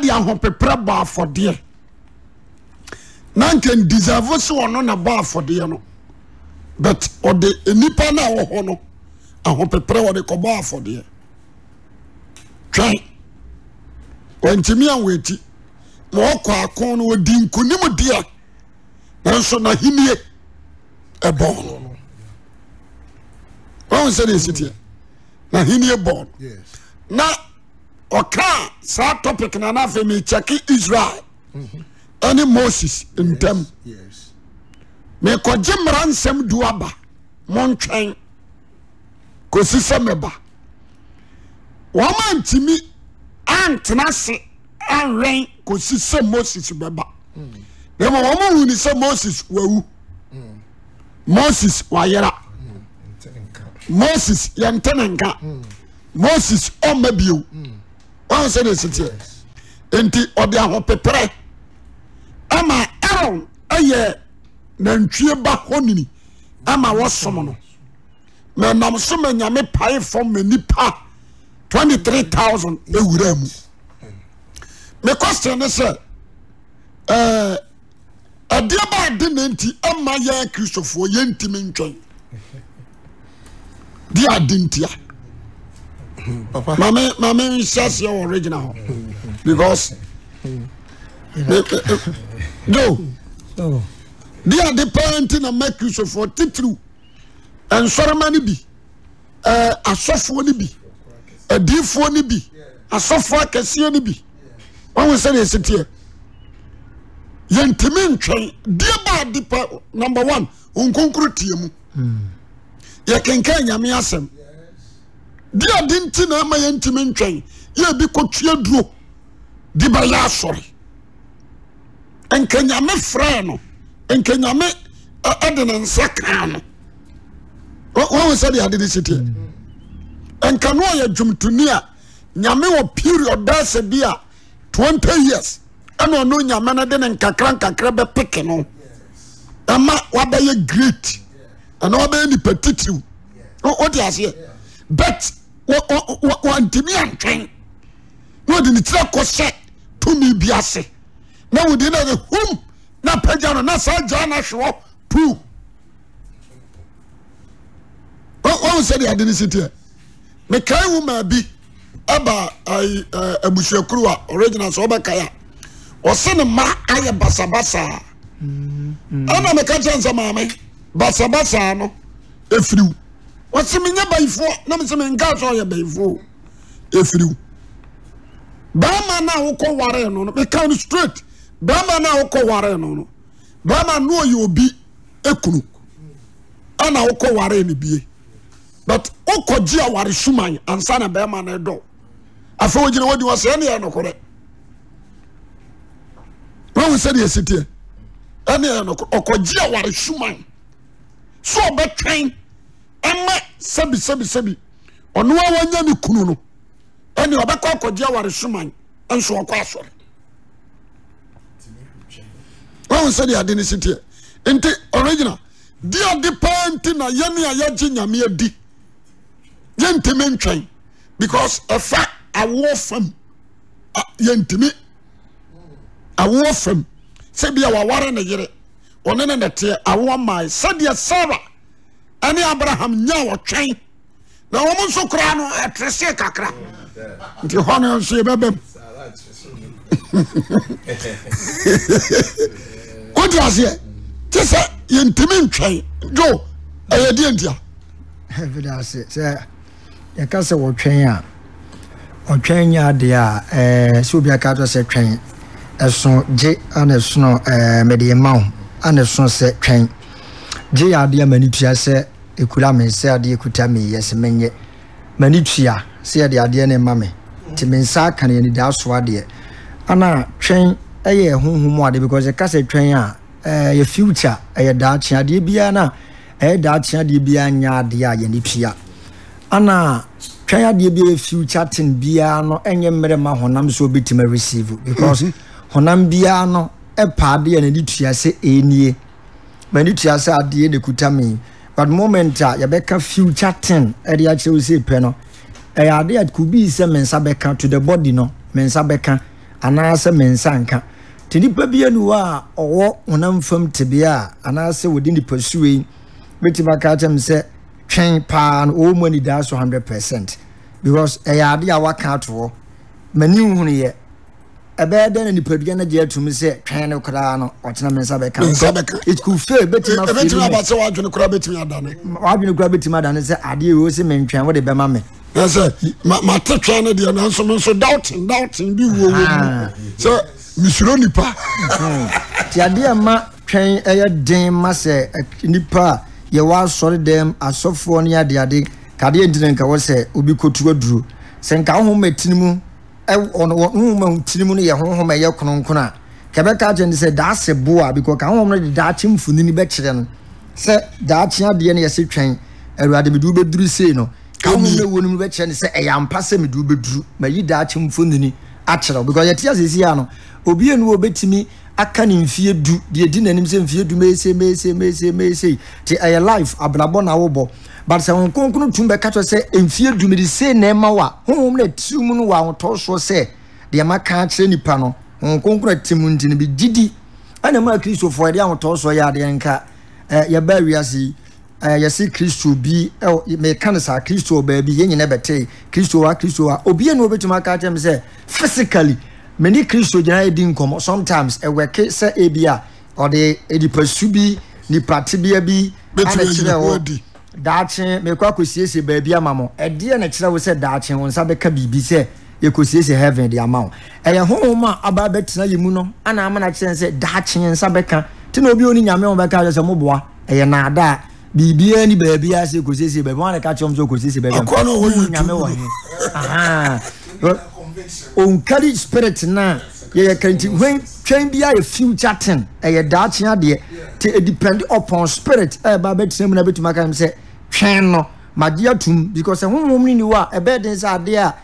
de ahopeprɛ bɔ afɔdeɛ na nka ndisavo sɛ ɔno na bɔ afɔdeɛ no but ɔde nnipa no a wɔ hɔ no ahopeprɛ wɔde kɔbɔ afɔdeɛ twɛn wɔntumi a wɔati ma ɔkɔ ako no wɔdi nkonim deɛ nanso n'ahenie ɛbɔ no wɔn sɛ ne esiteɛ n'ahenie bɔ no na. Yes ɔka saa topic na na afei mekyɛke israel ɛne moses ntam mekɔgye mmara nsɛm du aba montwɛn kɔsi sɛ meba wɔma ntimi antena se anwɛn kɔsi sɛ moses bɛba na mmom wɔma huni sɛ moses wawu mm. moses wayera moses mm. yɛntene nka moses ɔmma mm saa sɛ ne ɛsiteɛ enti ɔde ahopeprɛ ama aron ɛyɛ nantwie ba honini ama wɔsom no na nam so ma nyame pae fam ma nipa 23000 ɛwura mu me question ne sɛ ɛdeɛ ba ade ne nti ɛma yɛn kristofoɔ yɛntimi ntwɛn deɛ ade ntia maame maame n ṣe aseɛ wɔ regional hɔ because do di ade paa nti na mɛ kirisofo titiriw nsɔrɔma ni bi ɛɛ eh, asɔfoɔ ni bi adiifoɔ ni bi asɔfoɔ akɛseɛ ni bi wɔn wɔ sɛ na esi teɛ yɛntumi ntwɛn die baa di pa number one nkonkoro tie mu hmm. yɛ kankan nyame asɛm. deɛ ade nti na ɛma yɛntimi ntwɛn yɛ bi kɔtua duro de bɛyɛ asɔre nkanyame frɛ no nkanyame ɛde ne nsa kaa no wahu sɛdeɛ ade ne siteɛ nka no ɔyɛ dwomtoni a nyame wɔ period dɛsɛ bi a 20 years ɛna ɔno nyame no de ne nkakra nkakra bɛpeke no ɛma wabɛyɛ great ɛna wabɛyɛ nipa titiriw wote aseɛ but wantimi antwɛn na wɔde ne tira kɔhyɛ tumi bi ase na wɔde no de hum na pagya no na saa gyaa no hwe hɔ puu wɔhu sɛdeɛ ade no si teɛ mekae wo maa ɛba abusuakuru e, e, a original sɛ wɔbɛkae a ɔse ne mma ayɛ basabasaa mm, mm. ɛna meka kyɛ nsɛ maame basabasaa no ɛfiriw e wɔsi mi nye bayifo na mi si mi nka yɛ bɛrima na awokɔ ware no no meka straight bɛrima na awokɔ ware no no bɛrima no oyɛ obi ekunu ɛna awokɔ ware ne bie but okɔ gye aware suman ansa na bɛrima na ɛdɔ afɛ wogyina wodi wɔ sɛ ɛne yɛ nokorɛ wɔn sɛdeɛ esi teɛ yɛ gye aware suman so ɛmɛ sɛbi sɛbi sɛbi ɔno a wanya ne kunu no ɛne ɔbɛkɔ akɔgye awaresoman nso ɔkɔ asɔre wọn sɛ de ade ne si teɛ nti ɔregyina di ade paa nti na yɛne a yɛgye nyame adi yɛntumi ntwɛn because ɛfa awoɔ fam yɛntumi awoɔ fam sɛbi a waware ne yere ɔne ne nɛteɛ awoɔ maa sɛdeɛ sara ɛne abraham nya wɔtwɛn na wɔn nso koraa no ɛteresee kakra nti hɔ no nso yɛbɛbɛ mu wote aseɛ te sɛ yɛntimi ntwɛn jo ɛyɛ deɛ ntia fidase sɛ yɛka sɛ wɔtwɛn a ɔtwɛn nyɛ adeɛ a sɛ obi aka to sɛ twɛn ɛso gye ana ɛsono mede ma wo ana ɛsono sɛ twɛn gye yɛ adeɛ mani tua sɛ ekura me sɛ adeɛ kuta me yɛ sɛ menyɛ mani tua sɛ yɛde adeɛ ne ma me nti me nsa aka ne daa so adeɛ ana twɛn ɛyɛ honhom ade because ɛka sɛ twɛn a ɛyɛ future ɛyɛ daakye adeɛ biara no a ɛyɛ daakye adeɛ biara nyɛ adeɛ a yɛne tua ana twɛn adeɛ bi future ten biara no ɛnyɛ mmerɛ ma honam so obɛtumi receive because mhm. honam biara no ɛpa adeɛ a n'ani tua sɛ ɛnie m'ani tua sɛ adeɛ na ekuta me but moment a yɛbɛka future ten ɛde akyerɛ sɛ pɛ no ɛyɛ adeɛ a kubi sɛ me nsa bɛka to the body no me nsa bɛka anaasɛ me nsa nka te nipa bi anu hɔ a ɔwɔ honam fam tebea a anaasɛ wɔde nipasue yi bɛtumi aka akyerɛ me sɛ twɛn paa no ɔwɔ mu anidaa so hundred percent because ɛyɛ adeɛ a waka ato hɔ m'ani nhunu ɛbɛyɛ dɛn na nipadua no gye atum sɛ twɛn no koraa no ɔtena me nsa bɛka it could fail bɛtumi afiri mu wadwene koraa bɛtumi adane wadwene koraa bɛtumi adane sɛ adeɛ ɛwɔ sɛ mentwɛn wode bɛma me sɛ mate twɛn no deɛ nanso me nso doubting doubting bi wuo wɔ mu ah. sɛ mesuro nipa hmm. nti adeɛ ma twɛn ɛyɛ den ma sɛ nipa a yɛwɔ asɔre dɛm asɔfoɔ ne adeade kadeɛ nti wɔ sɛ obi kɔtu aduro sɛ nka wo ho mu nwoma tirimu no yɛ honhom ɛyɛ kronkron a kɛbɛka kyerɛ no sɛ daase boa because ka honhom no de daakye mfonini bɛkyerɛ no sɛ daakye adeɛ no yɛsɛ twɛn awurade mede wobɛduru sei no ka honhom no ɛwɔ bɛkyerɛ no sɛ ɛyɛ ampa sɛ mede wobɛduru mayi daakye mfonini akyerɛ wo because yɛte asɛsi ano obi enu obetumi aka ne mfie du deɛ di n'anim sɛ mfie du meese meese meese meese te ɛyɛ life abrabɔ na awobɔ but sɛ wɔn nkonkron tum bɛka kyerɛ sɛ mfie du mede se na ɛma wa honhom na ti mu no wɔ ahotɔ soɔ sɛ deɛ ma ka akyerɛ nipa no wɔn nkonkron ti mu nti no bi didi ɛna mu a kristofoɔ yɛde ahotɔ soɔ yɛ adeɛ nka ɛɛ yɛbaa wiase yi ɛɛ yɛsi kristo bi ɛwɔ mɛka no saa kristo baabi yɛn nyinaa kristo wa kristo wa obi yɛn na obetumi aka kyerɛ mi sɛ physically mene kristo gyina ɛdi nkɔmɔ sometimes ɛwɛke sɛ ebi a ɔde nipasu bi nipatebeɛ bi anakyerɛ wɔ daakye mekɔ akɔsiesie baabi ama mo ɛdeɛ na kyerɛ wo sɛ daakye wo nsa bɛka biribi sɛ yɛkɔsiesie heaven de ama wo ɛyɛ honhom a aba bɛtena yɛ mu no ana ama nakyerɛ sɛ daakye nsa bɛka nti na obi oni nyame wo bɛka kyerɛ sɛ moboa ɛyɛ naadaa biribiara ni baabiara sɛ yɛkɔsiesie baabi wane ka kyerɛ m sɛ wokɔsiesie baabi nyame wɔ he onkari spirit na yɛyɛ kɛntɛ hwɛn twɛn bi ayɛ future ten ɛyɛ daakye adeɛ te e depend upon spirit ɛɛba e abɛtena mu na abɛtumi aka mu sɛ twɛn no madi atum because ɛhonhom e ni ni wa ɛbɛɛ den sɛ adeɛ a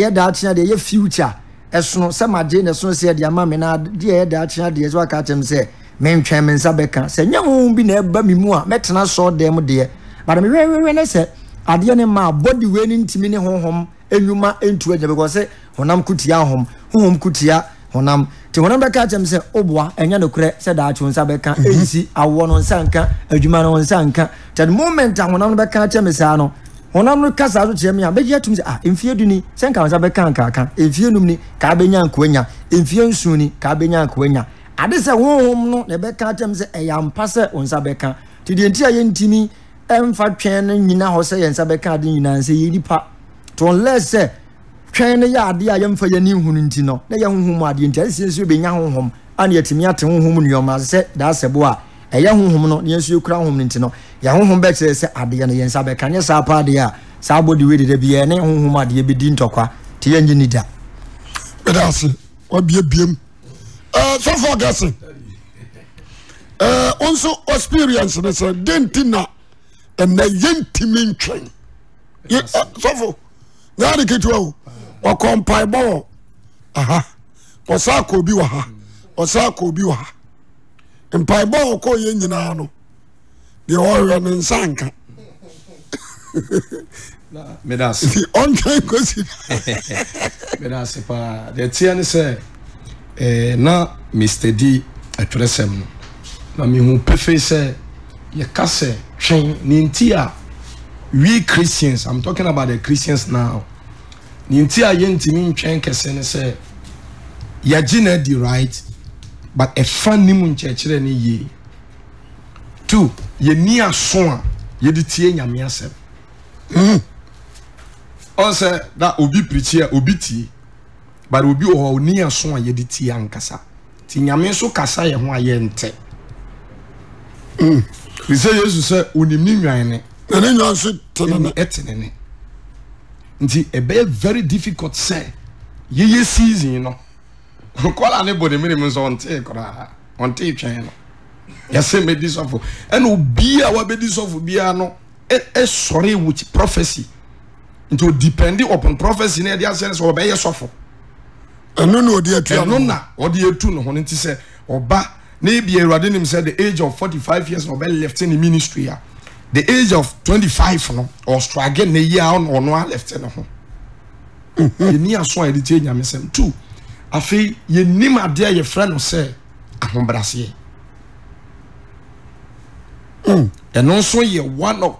ɛyɛ daakye adeɛ ɛyɛ future ɛsono sɛ madi na ɛsono sɛ ɛde ama mi na adeɛ ɛyɛ daakye adeɛ ɛsɛ waka akyɛm sɛ mɛntwɛn mi nsa bɛka sɛ nyɛ honhom bi na ɛba mi mu a mɛtena sɔɔ dɛm deɛ but mi hwɛhwɛhwɛ ne sɛ adeɛ ne ma body wei ne ntumi ne honhom Enyuma ntu agya because sɛ honam kutia hom honhom kutia honam nti honam bɛka akyɛm sɛ oboa ɛnyɛ nokorɛ sɛ daakye nsa bɛka ɛnsi mhm. awoɔ no nsa nka adwuma no nsa nka nti the moment a honam no bɛka akyɛm saa honam no kasa so kyerɛ me a bɛgye atum sɛ ah mfie du ni sɛ nka nsa bɛka nkaaka mfie num ni kaa bɛnya nkoanya mfie nson ni kaa bɛnya nkoanya ade se honhom no na ɛbɛka akyɛm sɛ ɛyɛ ampa sɛ wo nsa bɛka nti deɛ nti a yɛntimi no nyina hɔ sɛ yɛn nsa bɛka ade nyinaa sɛ yɛ so unless sɛ twɛn no yɛ adeɛ a yɛmfa yɛni hunu nti no na yɛ honhom adeɛ nti ɛsɛ nso bɛnya honhom ana yɛtumi ate honhom nneɔma sɛ daasɛbo a ɛyɛ e honhom no na yɛnso yɛkura honhom no nti no yɛ honhom bɛkyerɛ sɛ adeɛ no yɛnsa bɛka nyɛ saa pa adeɛ a saa bɔde wei deda biara ne honhom adeɛ bɛdi ntɔkwa nti yɛnye ni da meda ase wabiebiem e, sɔfo ɔgase wo e, nso experience ne sɛ denti na ɛnɛ yɛntimi ntwɛn sɔfo nyade ketewa o ɔkɔ mpaebɔ wɔ aha ɔsa akɔ obi wɔ ha ɔsa akɔ obi wɔ ha mpaebɔ a ɔkɔ yɛ nyinaa no deɛ ɔhwɛ ne nsa nka nti ɔnka nkosi medase paa deɛ teɛ ne eh, na mr d atwerɛsɛm no na mehu pefei sɛ yɛka sɛ twen ne nti a we christians i'm talking about the christians now ne nti a yɛntumi ntwɛn kɛse ne sɛ yɛgye na di right but ɛfa e ne mu nkyerɛkyerɛ ne yie two yɛni aso a yɛde tie nyame asɛm hmm. ɔn sɛ na obi pirikyi a obi tie but obi wɔ hɔ ɔni aso a yɛde tie ankasa ti nyame nso kasa yɛ ho a yɛntɛ. Mm. sɛ yesu sɛ onim ne nwan ne na ne nwan nso tenene ɛtenene nti ɛbɛyɛ very difficult sɛ yeye season no nkɔla ne bɔ ne mene mu nso ɔnte koraa ɔnte twɛn no me mɛdi sɔfo ɛna obiaa wabɛdi sɔfo biara no ɛsɔre with prophecy nti odipendi upon prophecy na ɛde asɛn sɛ ɔbɛyɛ sɔfo ɛno na ɔde atu ɛno na ɔde atu ne ho no sɛ ɔba na ebi awurade nim sɛ the age of forty five years na ɔbɛ left ne ministry a the age of twenty five no ɔstrage ne yia ɔno ɔno alɛfte ne ho mm-hmm. yɛni aso a yɛde tie nyamesɛm two afei yɛnim adeɛ yɛfrɛ no sɛ ahobraseɛ mm. ɛno nso yɛ one of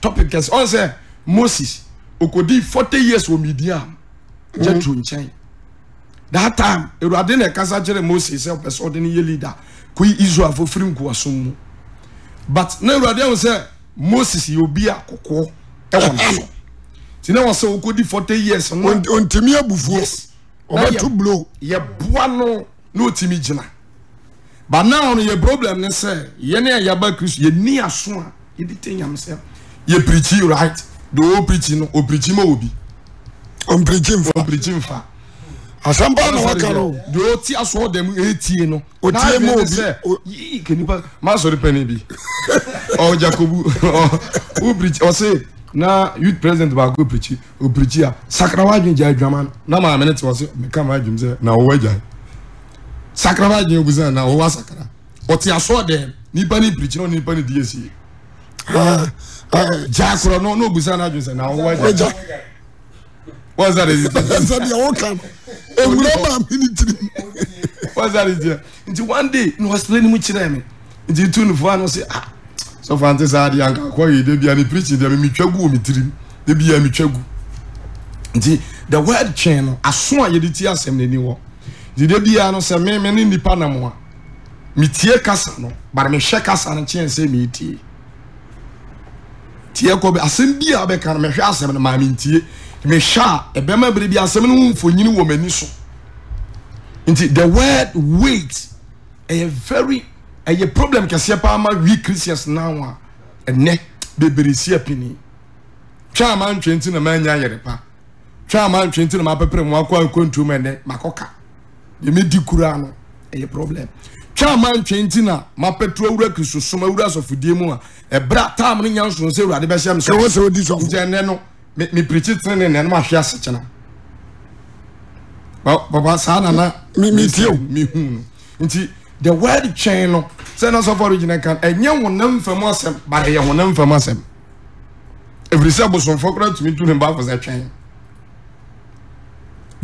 topic kɛse ɔn sɛ moses okodi forty years wɔ midian jethro mm-hmm. nkyɛn that time awurade na ɛkasa kyerɛ moses sɛ ɔpɛ sɛ ɔde no yɛ leader kɔyi israel fofiri nkoasom mu but na awurade ahu sɛ moses yɛ obi a kɔkɔɔ ɛwɔ ne so ti na wɔn sɛ okodi forty years. ontimi abufuo yes ɔbɛtu blow. yɛ bua no na otimi gyina but now no yɛ problem ne sɛ yɛn a yaba kristu yɛ ni aso a yɛ de te nyamsɛm yɛ pirikyi right de o pirikyi no o pirikyi ma obi. ɔmpirikyi nfa ɔmpirikyi nfa asampa na waka no. de o ti aso dɛm etie no. o tie ma obi naa yɛ sɛ yii kenipa maa sɔrɔ pɛ ne bi. ɔ Jacobu, ɔ ubirikyi ɔsi na youth president baako pirikyi opirikyi a sakarawa adwene gya adwama na maame ne te ɔsi meka maa adwene sɛ na ɔwɔ agya sakarawa adwene ogusa na ɔwɔ asakara ɔte asɔ dɛm nipa ne pirikyi na ɔne nipa ne di esi gya korɔ na ɔno ogusa na adwene sɛ na ɔwɔ agya what's that is it sani ɛwɔ kan ewura maa mi ni tiri what's that is it nti one day na ɔsere ne mu kyerɛ mi nti tu ne fo ano sɛ ah sɔfo ante saa adeɛ anka akɔ yie de bia ne mi twa mi tirim de bia mi twa nti the word twɛn no aso a yɛde ti asɛm n'ani wɔ nti de bia no sɛ mɛmɛ ne nipa nam a mi tie kasa no bari mi hwɛ kasa no kyɛn sɛ mi tie tie kɔ bi asɛm bi a bɛka no mɛ hwɛ asɛm no maa mi tie mɛ hwɛ a ɛbɛma bere bi asɛm no ho mfonyini wɔ mɛ so nti the word wait ɛyɛ very ɛyɛ problem kɛseɛ paa ma wi christians now a ɛnɛ bebree si apini twɛn a ma na ma nya yɛrɛ pa twɛn a ma na ma pɛpɛrɛ mu akɔ akɔ ntu mu ɛnɛ ma ka yɛmɛ di kura no ɛyɛ problem twɛn a ma na ma pɛturo awura kristu som awura asɔfodie mu a ɛbra e taam ne nya nson sɛ awurade bɛhyɛ mi sɛ wɔn sɛ odi sɔfo nti ɛnɛ no mi mi pirikyi tene ne nɛnum ahwɛ ase kyena baba saa nana mi mi tie o mi hu no nti the world chain no sɛ na sɔfo original kan ɛnyɛ honam fam asɛm ba ɛyɛ honam fam asɛm ɛfiri sɛ bosomfo kora tumi tu ne baafo sɛ twɛn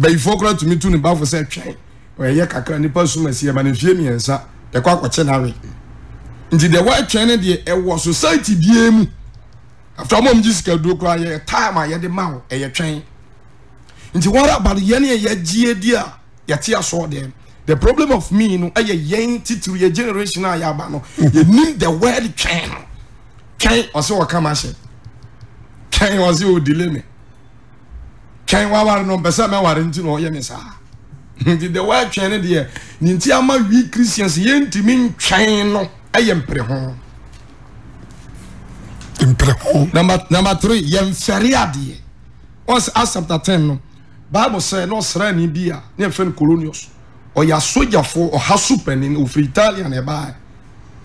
bɛyifo kora tumi tu ne baafo sɛ twɛn ɔyɛ kakra nipa sum asi ɛma ne fie mmiɛnsa ɛkɔ akɔkye n'awe nti deɛ wɔatwɛn ne deɛ ɛwɔ society bie mu after ɔmo gye sika duro kora yɛ time a yɛde ma wo ɛyɛ twɛn nti wɔn aba yɛn yɛ yɛ gyie di a yɛte asoɔ deɛ no the problem of me no ɛyɛ yɛn titiri yɛ generation a yaba no yɛ nim the word twɛn no twɛn ɔsɛ ɔka ma hyɛ twɛn ɔsɛ ɔdile mi twɛn wawari no mpɛsɛ mɛwari nti na ɔyɛ mi saa nti the word twɛn no deɛ ne nti ama wi christians yɛn ntumi ntwɛn no ɛyɛ mpere ho mpere ho number number three yɛn fɛre adeɛ ɔsɛ asapta ten no bible sɛ na ɔsra ni bi a ne yɛ fɛn colonius ɔyɛ asogyafoɔ ɔha so panin ofiri italia na ɛbaa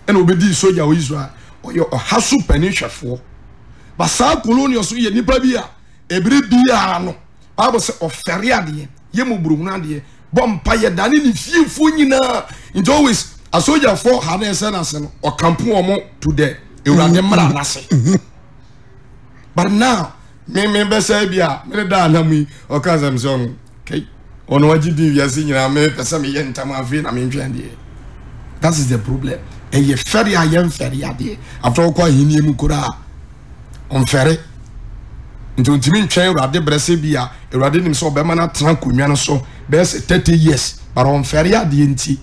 ɛna obedi soja wɔ israel ɔyɛ ɔha so panin hwɛfoɔ basaa colonial so yɛ nipa bi a ebire biara no baabu sɛ ɔfɛre adeɛ yɛ mu buroni adeɛ bɔ mpa yɛ dani ne fiefoɔ nyinaa nti always asogyafoɔ ha na ɛsɛ na ase no ɔkampo wɔn to dɛ ewurade mmara n'ase but now mímí bɛsɛ bi a mímí da anam yi ɔka asɛm sɛ ɔno kɛyi ɔno wagye di wiase nyinaa mepɛ sɛ meyɛ ntam afei na mentwɛn deɛ that is the problem ɛyɛ e fɛre a yɛmfɛre adeɛ after wokɔ ahenniɛ mu koraa ɔmfɛre nti ntumi ntwɛn awurade brɛ sɛ bi a awurade nim sɛ ɔbɛma no atena akonnwa no so bɛyɛ sɛ 30 years but ɔmfɛre adeɛ nti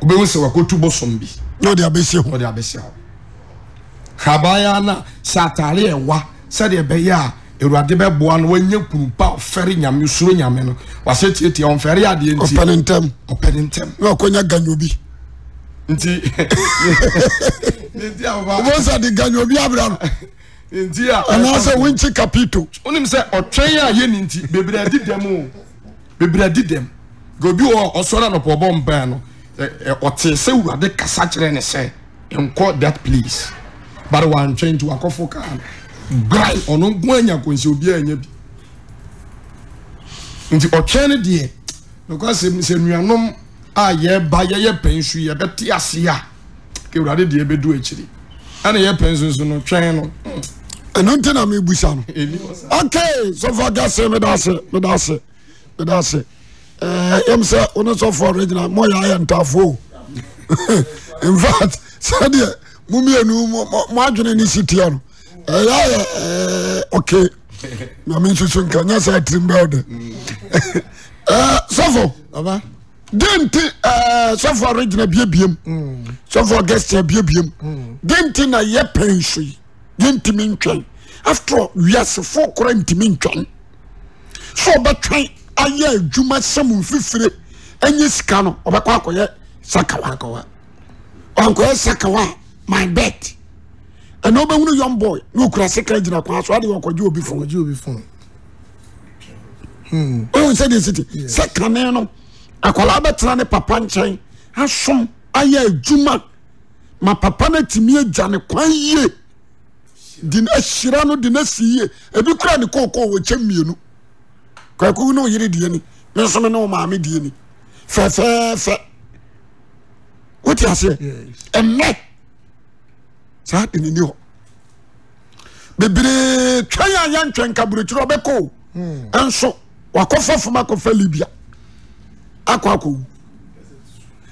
wobɛhu sɛ wakɔtu bosom bi na ɔde abɛsie ho ɔde abɛsie ho habaaya na sɛ atare ɛwa sɛdeɛ ɛbɛyɛ a awurade bɛboa no wanya kunu pa ɔfɛre nyame suro nyame no wasɛ tietia ɔmfɛre adeɛ nti ɔpɛne ntɛm ɔpɛne ntɛm na ɔkɔnya ganyo bi nti nti aba wɔsɛ de ganyobi bi abra no nti a anaasɛ wonkyi kapito wonim sɛ ɔtwɛn a yɛ ne nti bebree adi dɛm o bebree adi dɛm obi wɔ ɔsɔre anɔpɔ ɔbɔ mpae no ɔte sɛ awurade kasa kyerɛ ne sɛ nkɔ that place bare wantwɛn nti wakɔfo kaa no gbae ɔno nko anya akwanhyia obiara anya bi nti ɔtwɛn no deɛ nokwa sɛ sɛ nnuanom a yɛba yɛyɛ pɛn so yɛbɛte ase a awurade deɛ bɛdu akyiri ɛna yɛ pɛn nso no twɛn no ɛno hmm. nti na mebusa no okay sɔfo agase medase medase medase yam sɛ wo ne sɔfo original mo yɛ ayɛ ntafoo in fact sɛdeɛ mo mmienu mo adwene ne sitiɛ no e ok nyame nsusu nka nyɛ sɛ atimbɛw de mm. eh, sɛfo denti sɛfo aregina biebiam sɛfo augustia biebiam denti na yɛ pɛn so yi yɛntimi ntwɛn after all wiasefo kora ntimi ntwɛn so ɔbɛtwɛn ayɛ adwuma sɛm ɛnyɛ sika no akɔyɛ sakawa sakawa my bet ɛna wunu young boy ne ɔkura sekra gyina kwan so ade wɔnkɔgye obi fo ɔgye obi fo ɔhu sɛdeɛ siti sɛ kane no akwaraa bɛtena ne papa nkyɛn asom ayɛ adwuma ma papa no atumi agya ne kwan yie de no ahyira no de no asi yie ebi kura ne kookoo wɔkyɛ mmienu kwakuku ne ɔyere deɛ ni ne nso ne wo maame deɛ ni fɛfɛɛfɛ wote aseɛ ɛnɛ saa de nini hɔ bebree twɛn a yɛntwɛn kaburokyerɛ ɔbɛkɔ o hmm. nso wakɔfa fam akɔfa libya akɔ akɔwu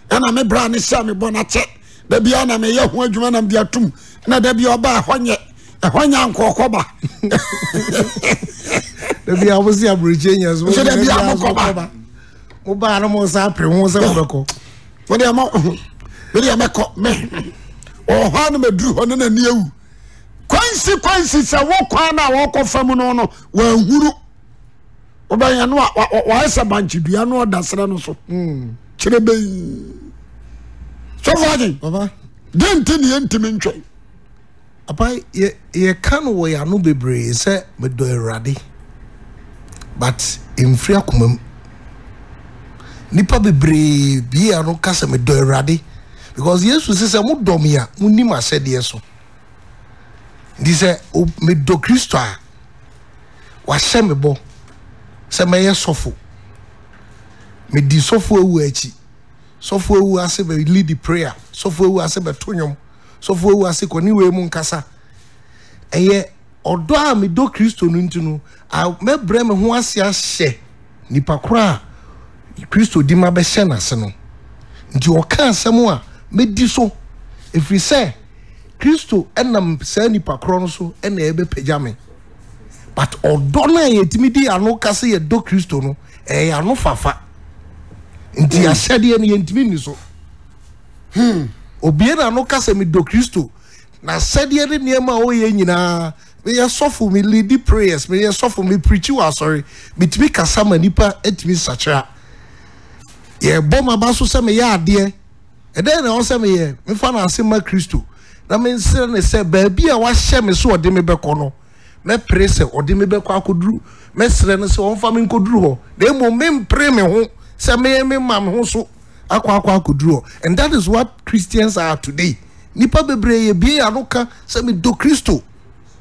ɛna me bra ne hyɛ me bɔ n'akyɛ dabi a na meyɛ ho adwuma na mde atum na dabi ɔba ɛhɔ nyɛ ɛhɔ nyɛ nkɔɔkɔba dabi a wosi aburokyerɛ nyɛ so so dabi a mokɔba wobaa no mo sa apere ho sɛ wobɛkɔ wode ɛmɔ wode ɛmɛkɔ me ɔhɔ no maduru hɔ no nani awu kwansi kwansi sɛ wokwan no a wɔkɔ fam no no wanhuru wobɛyɛ no waayɛ sɛ bankyedua no ɔda serɛ no so hmm. kyerɛ bɛi sɔfoagye dɛ nti ne yɛntimi ntwɛn apa yɛka no wɔ yɛ ano bebree sɛ medɔ awurade but mfiri akoma mu nnipa bebree biaa no ka sɛ medɔ awurade because yesu sɛ sɛ mo dɔm yi a mo nim asɛdeɛ so nti sɛ medɔ kristo a wahyɛ me bɔ sɛ mɛyɛ sɔfo medi sɔfo ewu akyi sɔfo ewu ase bɛ lead prayer sɔfo ewu ase bɛ to nwom sɔfo ewu ase kɔ ne wei mu nkasa ɛyɛ ɔdɔ a medɔ kristo no nti no a mɛbrɛ me ho ase ahyɛ nipa koro a kristo di ma bɛhyɛ n'ase no nti ɔka asɛm a mɛdi so ɛfiri sɛ kristo ɛnam saa nipa korɔ no so ɛna ɛbɛpagya me but ɔdɔ no a yɛtumi di ano kase yɛdɔ kristo no ɛyɛ ano fafa nti hmm. ahyɛdeɛ no yɛntumi ni so hmm. obie na ano kasa do kristo na ahyɛdeɛ ne nneɛma a wɔyɛ nyinaa meyɛ sɔfo me lady prayers meyɛ sɔfo me pirikyi wɔ asɔre metumi kasa ma nipa atumi sakyera yɛbɔ maba so sɛ meyɛ adeɛ ɛdɛn na ɔsɛ mi yɛ nfa na ase ma kristo na mi nsira ne sɛ beebi a wahyɛ mi so ɔde mi bɛkɔ no mɛpere sɛ ɔde mi bɛkɔ akɔduru mɛsrɛ no sɛ ɔnfa mi nkɔduru hɔ na emu mi mpere mi ho sɛ meyɛ mi ma mi ho so akɔ akɔ akɔduru hɔ and that is what christians are today nipa bebree yɛ bie ano ka sɛ mi do kristo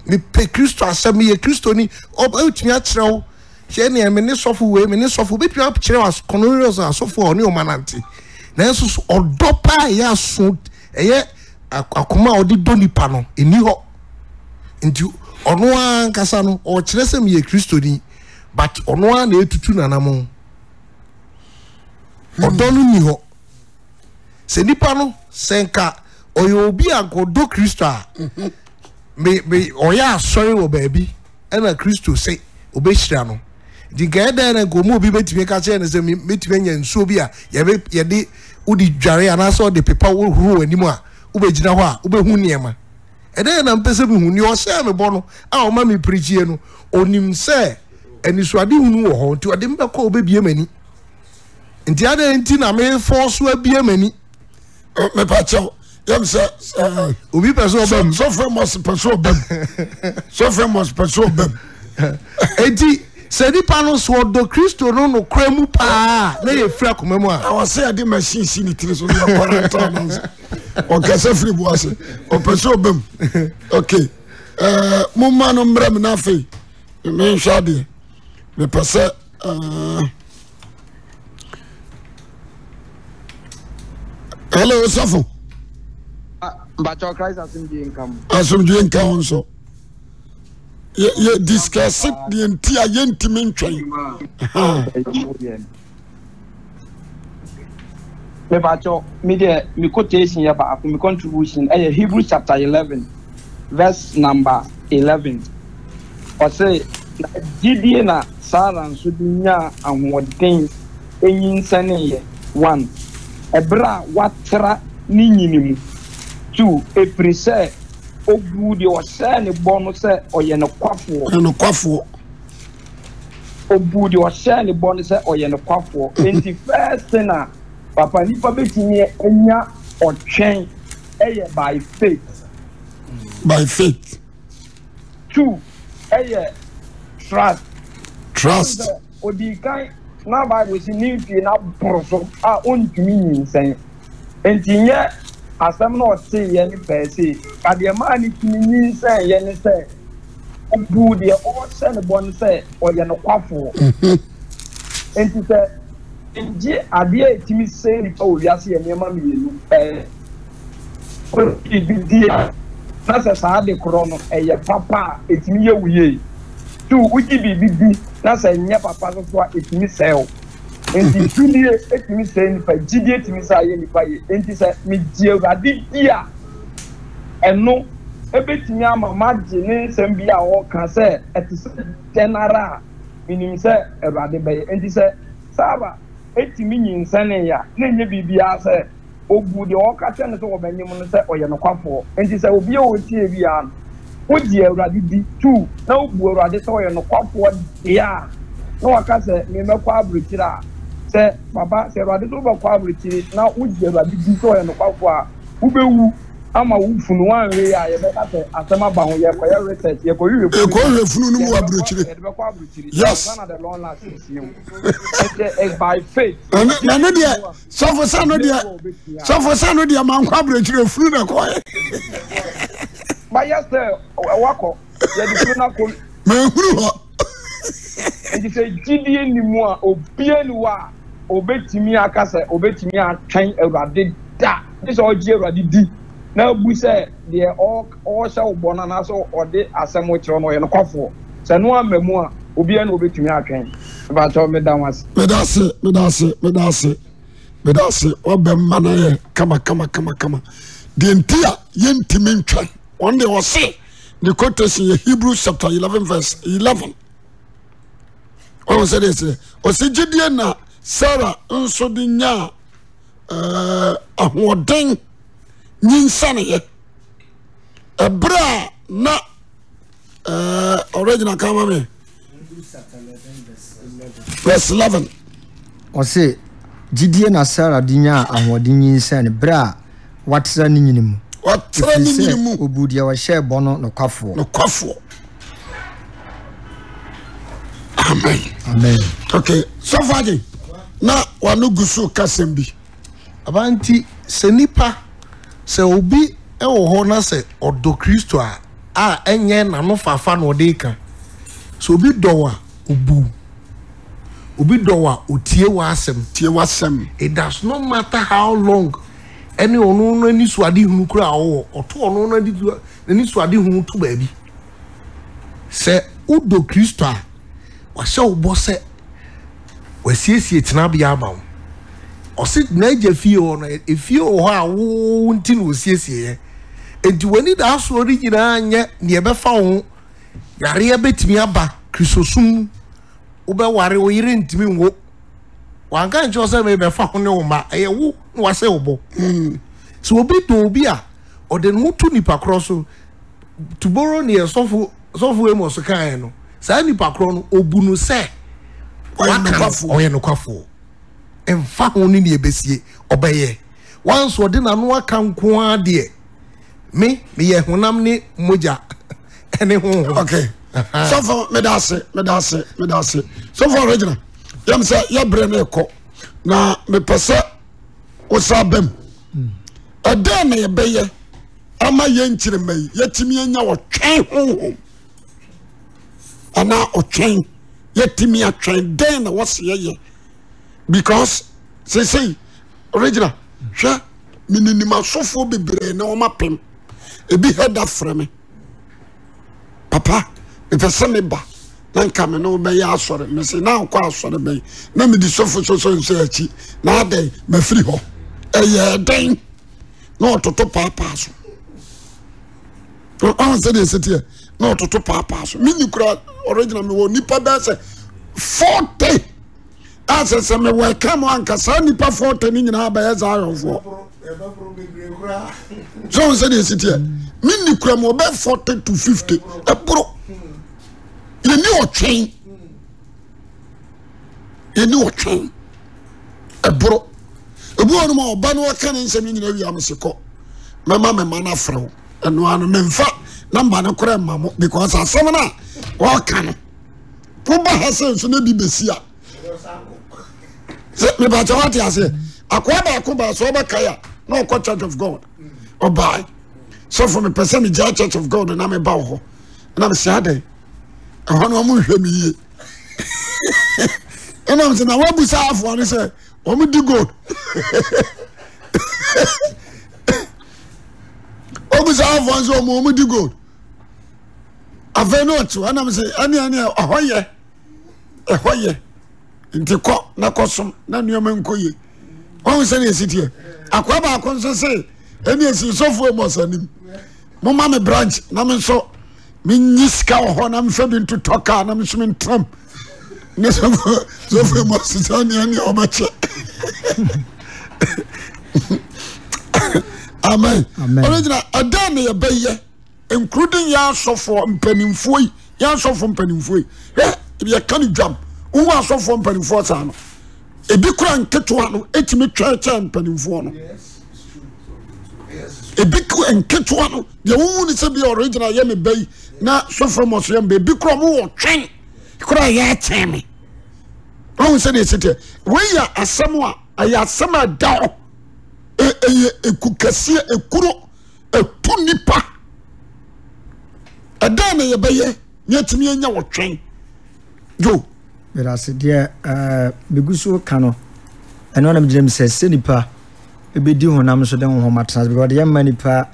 mi pe kristo asɛm mi yɛ kristo ni ɔbɛtumi akyerɛw hyɛn ni ɛmi ni sɔfo wei mi ni sɔfo obi tumi akyerɛw akɔnɔ asɔfo a ɔne ɔmanante. nanso so ọdọ paa ɛyɛ aso ɛyɛ akoma a ɔde do nipa no ɛni họ nti ɔno ara nkasa no ɔkyerɛ sɛ meyɛ kristoni but ɔno ara na etutu nanam ọdọ hmm. no ni họ sɛ nipa no sɛ nka ɔyɛ obi a nkɔdɔ kristo a mhm. me me ɔyɛ asɔre wɔ baabi ɛna kristo sɛ ɔbɛhyira no. nti nka ɛdan na nka omu obi bɛtumi ka kyerɛ ne sɛ mɛtumi anya nsuo bi a yɛbɛ yɛde wode dware anaasɛ ɔde pepa wohoro w'anim a wobɛgyina hɔ a wobɛhu nneɛma ɛdan na mpɛ sɛ mehu neɛ ɔhyɛɛ me bɔ no a ɔma me pirikyie no onim sɛ anisoade hunu wɔ hɔ nti ɔde mbɛkɔ wobɛbie m'ani nti adan nti na mefɔ so abie m'ani mepakyɛw yam sɛ obi pɛ sɛ ɔbɛm sɔfrɛ mɔs pɛ sɛ ɔbɛm sɔfrɛ mɔs pɛ sɛ ɔbɛm enti sɛ nnipa no so ɔdɔ khristo no nokora mu paa ne yɛfiri akoma mu a awɔsɛ yade masesi ne tiri so ne yɛkware ntanons ɔkasɛ firiboase ɔpɛ sɛ ɔbɛmu ok uh, moma no mmerɛ mune afei menhwɛ adeɛ mepɛ sɛ alo osɛfo asomdwoee nka w nso yɛ discuss deɛ nti a yɛntumi ntwɛn mepakyɛ me deɛ me quotation yɛ baako me contribution ɛyɛ eh, hebrew chapter eleven verse number eleven ɔse gyidie na sara nso de nya ahoɔden ɛyi nsɛneeɛ one ɛberɛ a watra ne nyini mu two ɛfiri sɛ ogu deɛ ɔhyɛ ne bɔ no sɛ ɔyɛ ne kwafoɔ ɔyɛ ne kwafoɔ ogu deɛ ɔhyɛ ne bɔ no sɛ ɔyɛ ne kwafoɔ mhm. nti fɛɛsɛ na papa nipa bɛtumi anya ɔtwɛn ɛyɛ by faith by faith two ɛyɛ trust trust odi kan na bible si ne nfie na boro so a ontumi nyinsɛn nti nyɛ asɛm e na ɔte yɛ ne pɛɛ se adeɛ maa ne tumi nyi sɛ yɛ ne sɛ ɔbu deɛ ɔhyɛ ne bɔ ne sɛ ɔyɛ no kwafoɔ nti sɛ ngye adeɛ a etumi sɛ nipa wɔ wiase yɛ nneɛma mmienu ɛɛ kɔsi bi die na sɛ saa de korɔ no ɛyɛ papa a etumi yɛ wuye tu wugyi biribi bi na sɛ nyɛ papa soso a etumi sɛɛ nti tulie etumi sɛ nipa gyidie tumi sɛ ayɛ nipa yɛ nti sɛ megye awurade di a ɛno ebetumi ama ma gye ne nsɛm bi a wɔka sɛ ɛte sɛ dɛnara a menim sɛ awurade bɛyɛ nti sɛ saaba etumi nsɛn ya na enye biribiara sɛ ogu deɛ ɔka kyɛ ne sɛ wɔbɛnyim no sɛ ɔyɛ nokwafoɔ nti sɛ obi a wɔtie biara no wogye awurade di tu na wobu awurade sɛ ɔyɛ nokwafoɔ deɛ a na waka sɛ memɛkɔ aburokyire a sɛ papa sɛ awurade so bɛkɔ aburukyire na wogye awurade di sɛ ɔyɛ nokwafo a wobɛwu ama wo funu wanwe a yɛbɛka sɛ asɛm aba ho yɛkɔyɛ research yɛkɔyi refunu yɛkɔyi refunu no mu aburukyire yɛde bɛkɔ aburukyire yes na de long last nsie mu ɛkyɛ ɛ by na ne deɛ sɔfo sa deɛ sɔfo sa no deɛ mankɔ aburukyire funu na kɔɛ bayɛ sɛ wakɔ yɛde funu na kɔ mɛhuru hɔ nti sɛ ni mu a obie ni wa obetumi aka sɛ obetumi atwɛn awurade da ne sɛ ɔgye awurade di na abu sɛ deɛ ɔɔhyɛ wo bɔ no anaasɛ ɔde asɛm kyerɛ no ɔyɛ nokwafoɔ sɛ no ama mu a obiara na obetumi atwɛn mebakyɛw meda wo ase meda ase meda ase meda ase meda ase ɔbɛ mma no yɛ kama kama kama kama deɛ nti a yɛntimi ntwɛn ɔn deɛ ɔse ne quotation yɛ hebrew chapter eleven verse eleven ɔhu sɛ deɛ sɛ ɔsɛ gyedie na sara nso de nyaa eh, ahoɔden nyinsaneyɛ ɛberɛ a na ɔregyina eh, kama me verse 11 ɔse gyidie na sara de nyaa ahoɔden nyinsane berɛ a watera ne nyini mu watera ne nyini mu obu deɛ ɔhyɛɛ bɔ no nokwafoɔ nokwafoɔ amen amen okay sɔfo agye na wano gu so kasɛm bi abanti sɛ nipa sɛ obi wɔ hɔ na sɛ ɔdɔ kristo a a ɛnyɛ n'ano fafa na ɔde ka sɛ obi dɔ wa obu obi dɔ wa otie wa asɛm tie wa asɛm it does not matter how long ɛne ɔno no ani so ade hunu kura ɔwɔ ɔto ɔno no adi n'ani so ade hunu to baabi sɛ wodɔ kristo a wahyɛ wo bɔ sɛ wasiesie tenabea ama wo ɔsi n'agya fie hɔ no e-, efie wɔ hɔ a wɔwɔ nti na osiesie yɛ nti wani da asoɔ no nyinaa nyɛ nea ɛbɛfa ho yareɛ bɛtumi aba krisosum wobɛware wo yere ntumi nwo wanka nkyɛn sɛ ɛbɛ bɛfa ho ne wo ma ɛyɛ wo na wasɛ wo so obi dɔ obi a ɔde ne ho to nipa korɔ so tuboro ne yɛ sɔfo emu ɔso kan yɛ no saa nipa korɔ no obu no sɛ. ɔyɛ nokwafoɔ mfa ho ne nea ɛbɛsie ɔbɛyɛ wansi ɔde n'ano aka nko ara deɛ me meyɛ honam ne mogya ɛne honhom. okay meda ase meda ase meda ase sɔfo regina yam sɛ yɛbrɛ no ɛkɔ na mepɛ sɛ wosa bam hmm. ɛdɛn ama yi yɛtumi yɛnya ɔtwɛn honhom anaa ɔtwɛn. yɛtumi atwɛn dɛn na wɔseyɛ yɛ because sesei original hwɛ meninim asɔfoɔ bebree na wɔma pem ebi hɛda frɛ me papa mepɛ sɛ me ba na nka me ne wobɛyɛ asɔre mese na nkɔ asɔre bɛyi na mede sɔfo soso nsɛ akyi na adɛn mafiri hɔ ɛyɛ dɛn na ɔtoto paapaa so ɔn sɛdeɛ sɛteɛ na ɔtoto Papa. so mi nyikura ɔrɛgyina mi wɔ nipa da se forty a sɛ sɛ mi wɔ ɛka mu anka saa nipa forty ni nyinaa bɛyɛ zayɔnfoɔ sɔɔn sɛ de esi tiɛ mi nyikura mu ɔbɛ forty to fifty E eh, ɛboro yɛ ni ɔtwɛn yɛ ni E bro. E wɔn mu a ɔba no ɔka ne nsɛm nyinaa wi amusikɔ mɛma mɛma n'afrɛw E no mɛnfa. namba no korɛ mma mo because asɛm no a wɔka no woba ha sɛ nso no bi bɛsi a sɛ mebakyɛ woate aseɛ akoa baako baa sɛ wɔbɛkae a na ɔkɔ church of god ɔbae sɔfo mepɛ sɛ megyaa church of god na meba wo hɔ na mesia dɛn ɛhɔ no ɔmohwɛ me yie ɛnam sɛ na woabu saa afoa no sɛ ɔmodi gold ɔbu saa afoa no sɛ ɔmo gold afei ne ɔkyiw ɛnam sɛ ɛneɛneɛ ọhọ yẹ ɛhɔ yɛ nti kɔ na kɔsom na nneɔma nkɔ ye na-esi ɛsitiɛ akoa baako nso se ɛne ɛsi sɔfoɔ mu ɔsanim moma me branch na me nso menyi sika wɔ hɔ na mfa bi ntotɔ kaa na meso mentram ne sɔfoɔ mu ɔsesa ọma ɔmɛkyɛ amen ɔno gyina ɛdan ne yɛbɛyɛ including yɛn asɔfoɔ mpanimfoɔ yi yɛn asɔfoɔ mpanimfoɔ yi hɛ yɛ ka ne dwam wɔn saa no ebi kura nketewa no etimi twɛɛkyɛɛ mpanimfoɔ no ebi kura nketewa no deɛ wɔn ni sɛ bi na sọfọ mɔ so yɛ mi bɛ ebi kura wɔn wɔ twɛn kura mi ɛdan na yɛbɛyɛ ne atumi anya wɔtwɛn jo berase deɛ megu so ka no ɛno na megyina m sɛ sɛ nipa ɛbɛdi honam so de honhom atena because ɔde yɛma nipa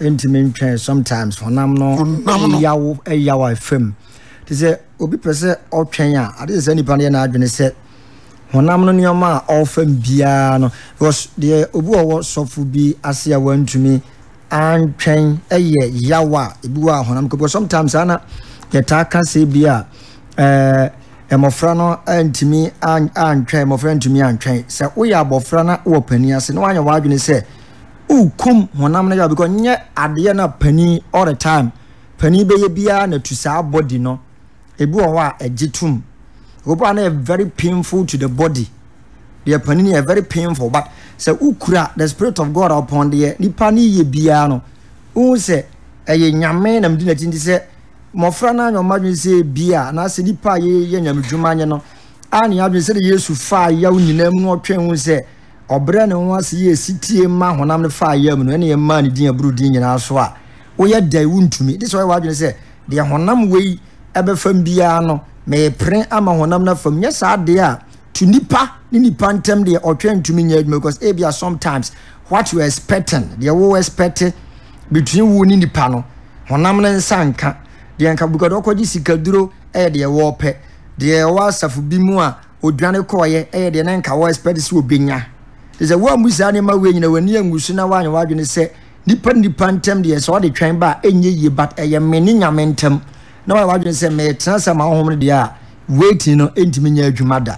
ntumi ntwɛn sometimes honam no yaw ɛyaw a fam te sɛ obi pɛ sɛ ɔtwɛn a ade sɛ nipa no yɛ n'adwene sɛ honam no nneɛma a ɔfam biara no because deɛ obi wɔwɔ sɔfo bi ase a wantumi antwɛn yɛ yaw a ebi wɔ ahonam kɔ sometimes ana yɛtaa kasa bi a ɛɛ mmɔfra no ntumi antwɛn mmɔfra ntumi antwɛn sɛ woyɛ abɔfra na wɔ panin ase na wanyɛ wadwene sɛ ukum honam no yaw because nyɛ adeɛ na panin all the time panin bɛyɛ biara na tu saa body no ebi wɔ hɔ a ɛgye tum wɔbɔ a yɛ very painful to the body. The panin is very painful but sɛ wokura the spirit of god upon deɛ nipa ne yɛ biara no wohu sɛ ɛyɛ eh, nyame na medi n'akyi nti sɛ mmɔfra no anyɛ ɔma adwene sɛ bia anaasɛ nipa a yɛyɛ nyamedwuma nyɛ no a ne adwene sɛde yesu faa yaw nyinaa mu no ɔtwɛn ho sɛ ɔbrɛ ne ho ase yɛ sitie ma honam no faa yaw mu no ɛne yɛmaa ne din aburo din nyinaa so a woyɛ dae wontumi de sɛ wɔyɛ w'adwene sɛ deɛ honam wei ɛbɛfam biara no mepere ama honam no afam nyɛ saa a to nipa ne nipa ntɛm deɛ ɔtwɛ ntumi nyɛ adwuma because ebia sometimes what you expecting deɛ wo expect between wo ne nipa no honam ne nsa nka deɛ nka because ɔkɔgye sikaduro ɛyɛ deɛ wɔɔpɛ deɛ ɛwɔ asafo bi mu a odwane kɔɔyɛ ɛyɛ deɛ ne nka wɔ expect sɛ obenya sɛ wo amu saa nneɛma wo nyina w'ani angu so na woanyɛ w'adwene sɛ nipa nipa ntɛm deɛ sɛ ɔde twɛn ba ɛnyɛ yie but ɛyɛ me ne nyame ntɛm na woayɛ w'adwene sɛ meetena sɛ ma wohom no deɛ a waiting no ɛntumi nyɛ adwuma da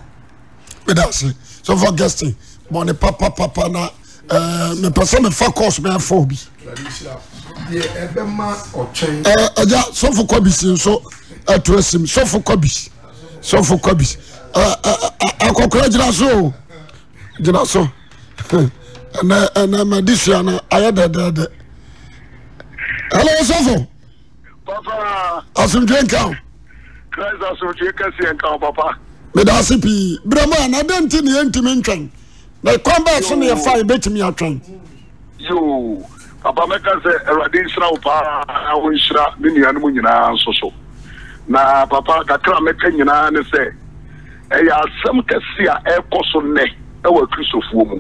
medase for guesting. ah papa papa na ah ah course ah ah bi ah sɔfo ah ah si nso ah ah sɔfo ah ah ah ah ah akɔkora gyina so o gyina so ɛnɛ ɛnɛ ah sua ah ayɛ ah ah sɔfo papa ah ah ah ah ah ah papa medase pii berɛ mu a na dɛ nti ne yɛntumi ntwɛn na kwan bɛɛ so ne yɛfa yɛbɛtumi atwɛn yo papa mɛka sɛ awurade nhyira wo paa wo nhyira me nuanom nyinaa nso so na papa kakra mɛka nyinaa ne sɛ ɛyɛ asɛm kɛse a ɛkɔ so nnɛ ɛwɔ akristofoɔ mu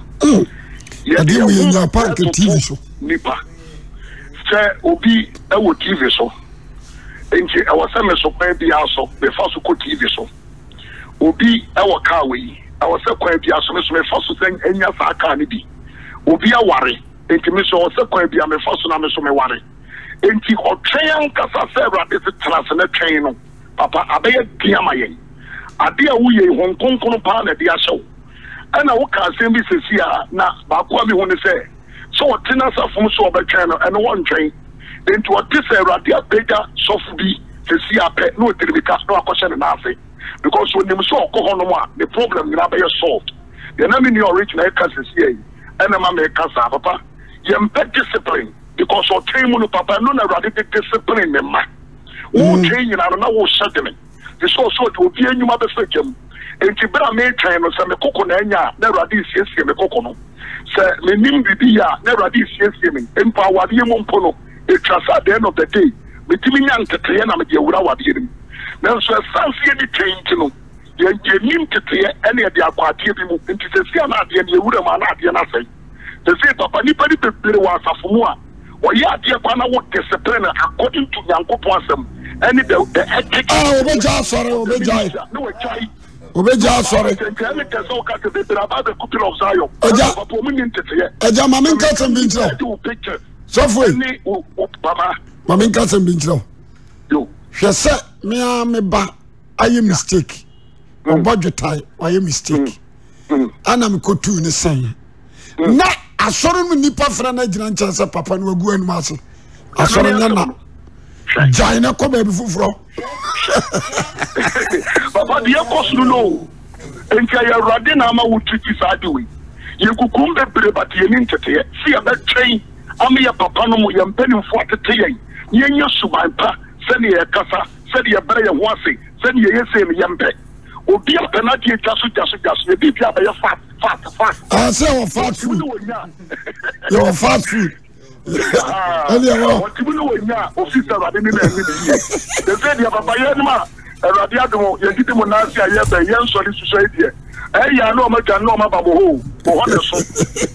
nipa sɛ obi ɛwɔ tv so nti ɛwɔ sɛ me so so mefa so kɔ tv so obi ɛwɔ kaa wɔ yi ɛwɔ sɛ kwan bi asomesome fa so sɛ ɛnya saa kaa no bi obi aware nti mi so ɔwɔ sɛ kwan bi a mefa so na me so meware nti ɔtwɛn ankasa sɛ awurade se tena ase ne twɛn no papa abɛyɛ dua ma yɛn adeɛ a woyɛ yi hɔn nkonkono paa na ɛde ahyɛ wo ɛna woka asɛm bi sesi a na baako a mi ho ne sɛ sɛ ɔte n'asafo mu so ɔbɛtwɛn no ɛno wɔntwɛn nti ɔte sɛ awurade apagya sɔfo bi sisi apɛ na otiri mi ka no wakɔhyɛ ne n'ase because onim sɛ ɔkɔ hɔnom a ne problem nyinaa bɛyɛ solved yɛn na mi ni ɔregi na ɛka sisi yɛ yi ɛna ma mi ka saa papa yɛn pɛ discipline because ɔtɛn mu hmm. no papa ɛno na awurade de discipline ne ma wotɛn nyinaa no na wohyɛ de me te sɛ ɔsɛ ɔde obi enyuma bɛsɛ gyam nti bere a meetwɛn no sɛ me koko na anya a na awurade esiesie me koko no sɛ menim biribi yɛ a na awurade esiesie me mpo awadeɛ mu mpo no etwa sɛ at the end of the day metumi nya nteteeɛ na mede awura awadeɛ no mu nanso ɛsanseɛ ne twɛn nti no yɛnim teteeɛ ɛne yɛde akɔ adeɛ bi mu nti sɛsie ana adeɛ no yɛwura mu na adeɛ no asɛe sɛsie papa nnipa ne bebree wɔ asafo mu a wɔyɛ adeɛ kwa na wo discipline according to nyankopɔn asɛm ɛne the the ah, ethic wobɛgya asɔre wobɛgyae ne wɔgyae obɛgya asɔre ɛgya ma menka sɛm bi nkyerɛ sɔfoe maame nka sɛm bi nkyerɛ wo hwɛ sɛ mea me ba ayɛ mistake mm. ɔbɔ dwetae ɔyɛ mistake ana mm. mm. mekɔtuu ne sɛn na asɔre no nnipa frɛ no agyina nkyɛn sɛ papa no wagu anim ase asɔre nyɛ na gyae no kɔ baabi foforɔ papa deɛ kɔ soro no nti ɛyɛ awurade na ama wotwiti saa de wei yɛkukum bebree bate yɛni nteteɛ sɛ yɛbɛtwɛn ama yɛ papa no mu yɛmpanimfoɔ atete yɛn yɛnyɛ suban pa sɛdeɛ yɛkasa sɛdeɛ yɛbɛrɛ yɛ ho ase sɛdeɛ yɛyɛ sɛ no yɛmpɛ obi apɛ no adeɛ gya so gya so gya so yɛbi bia bɛyɛ fat fat fat ah, sɛ wɔ fat food yɛwɔ fat food wɔtumi ne wɔnya ah, a ofis awurade ne naani ne yie ɛsɛ deɛ babayɛ nom a awurade adom yɛgidi mu naase a yɛbɛn yɛnsɔre susɔ adiɛ ɛyɛ a na ɔma dwa na ɔma ba boho bohɔ ne so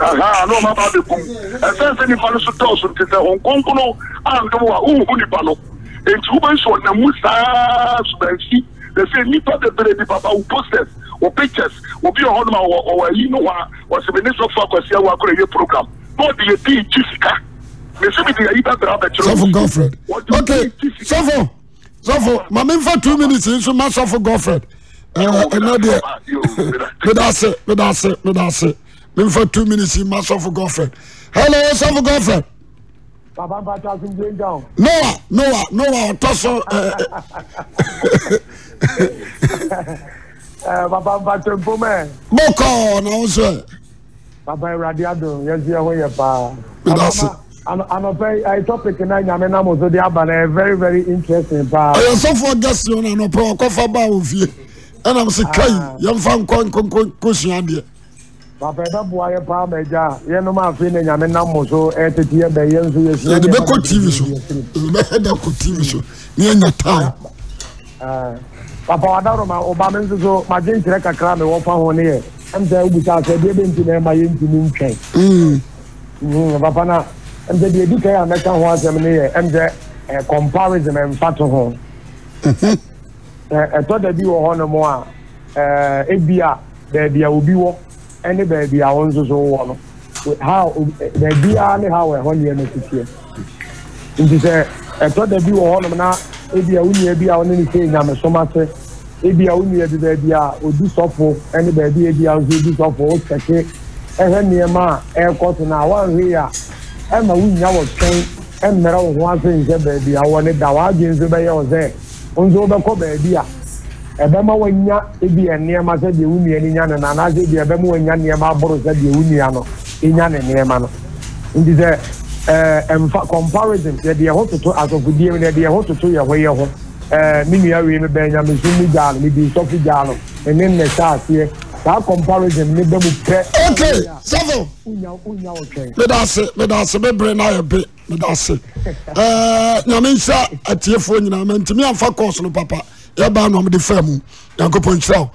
aha na ɔma ba bɛkum ɛsɛn sɛ nipa no so so nti sɛ ɔnkonkono andom a wohu nipa no enti wobɛsu ɔnam mu saa subansi na sɛ nipa bebree bi baba wo posters wo pictures obi wɔ hɔnom a ɔwɔ ayi no hɔ a mi de yɛ yi bɛbrɛ abɛkyerɛ sɔfo gofred ok sɔfo sɔfo ma two minutes nso ma sɔfo gofred ɛnɛ medase medase medase memfa two minutes ma sɔfo girlfriend hello sɔfo girlfriend noa noa noa ɔtɔ so mokɔɔ na wo so papa ayi topic na nyame nam so de aba very very interesting paa ɛyɛ sɔfoɔ gɛsi ɔ na anɔpɛ ɔkɔfa baa wɔ ɛna m sɛ ah. kai yɛmfa nkɔ nkɔsua deɛ papa ɛbɛboa yɛ paa mɛgya yɛnom afei na nyame nam mo so ɛtete yɛ bɛ yɛ nso yɛsua yɛde bɛkɔ tv so bɛhɛda kɔ tv so ne yɛnya time eh, papa wadaroma ɔba me nso so magye nkyerɛ kakra me wɔfa ho ne yɛ ɛmsɛ wobusa sɛ deɛ bɛnti na ɛma yɛntimi ntwɛn mm. hmm, papa na ɛmsɛ deɛ di kae a mɛka ho asɛm ne yɛ ɛmsɛ eh, comparison ɛmfa to ho mhm. ɛtɔ eh, eh, da bi wɔ hɔnom a eh, ebi a beebi a obi wɔ ɛne beebi a wɔn nso so wɔ no ha beebi a ne ha wɔ ɛhɔ nneɛma titiɛ nti sɛ ɛtɔ da bi wɔ hɔnom na ebi a wunua bi a ɔne ne se nyamesom ase ebi a wunua bi beebi a odi sɔfo ɛne beebi ebi a nso odi sɔfo osɛke ɛhɛ nneɛma a ɛrekɔ so na wɔnhwe a ɛma wunya wɔ kyɛn ɛmmerɛ wo ho ase nhyɛ beebi a wɔ ne da wɔn agye nso bɛyɛ wɔ sɛ. nso wobɛkɔ baabi a ɛbɛma wanya ebi nneɛma sɛ wo nua no nya no na anaasɛ deɛ ɛbɛma wanya nneɛma aboro sɛ wo nua no ɛnya ne nneɛma no nti sɛ ɛɛ ɛmfa comparison yɛde yɛ ho toto asɔfodie mu yɛde yɛ ho toto yɛ ho yɛ ho ɛɛ me nua wei saa comparison ne bɛ mu pɛ. ok sɛfo medase medase bebree na yɛ be medase ɛɛ nyame nhyira atiefoɔ nyinaa mɛ ntumi amfa course, no papa yɛba na ɔmde fa mu nyankopɔn nhyira out.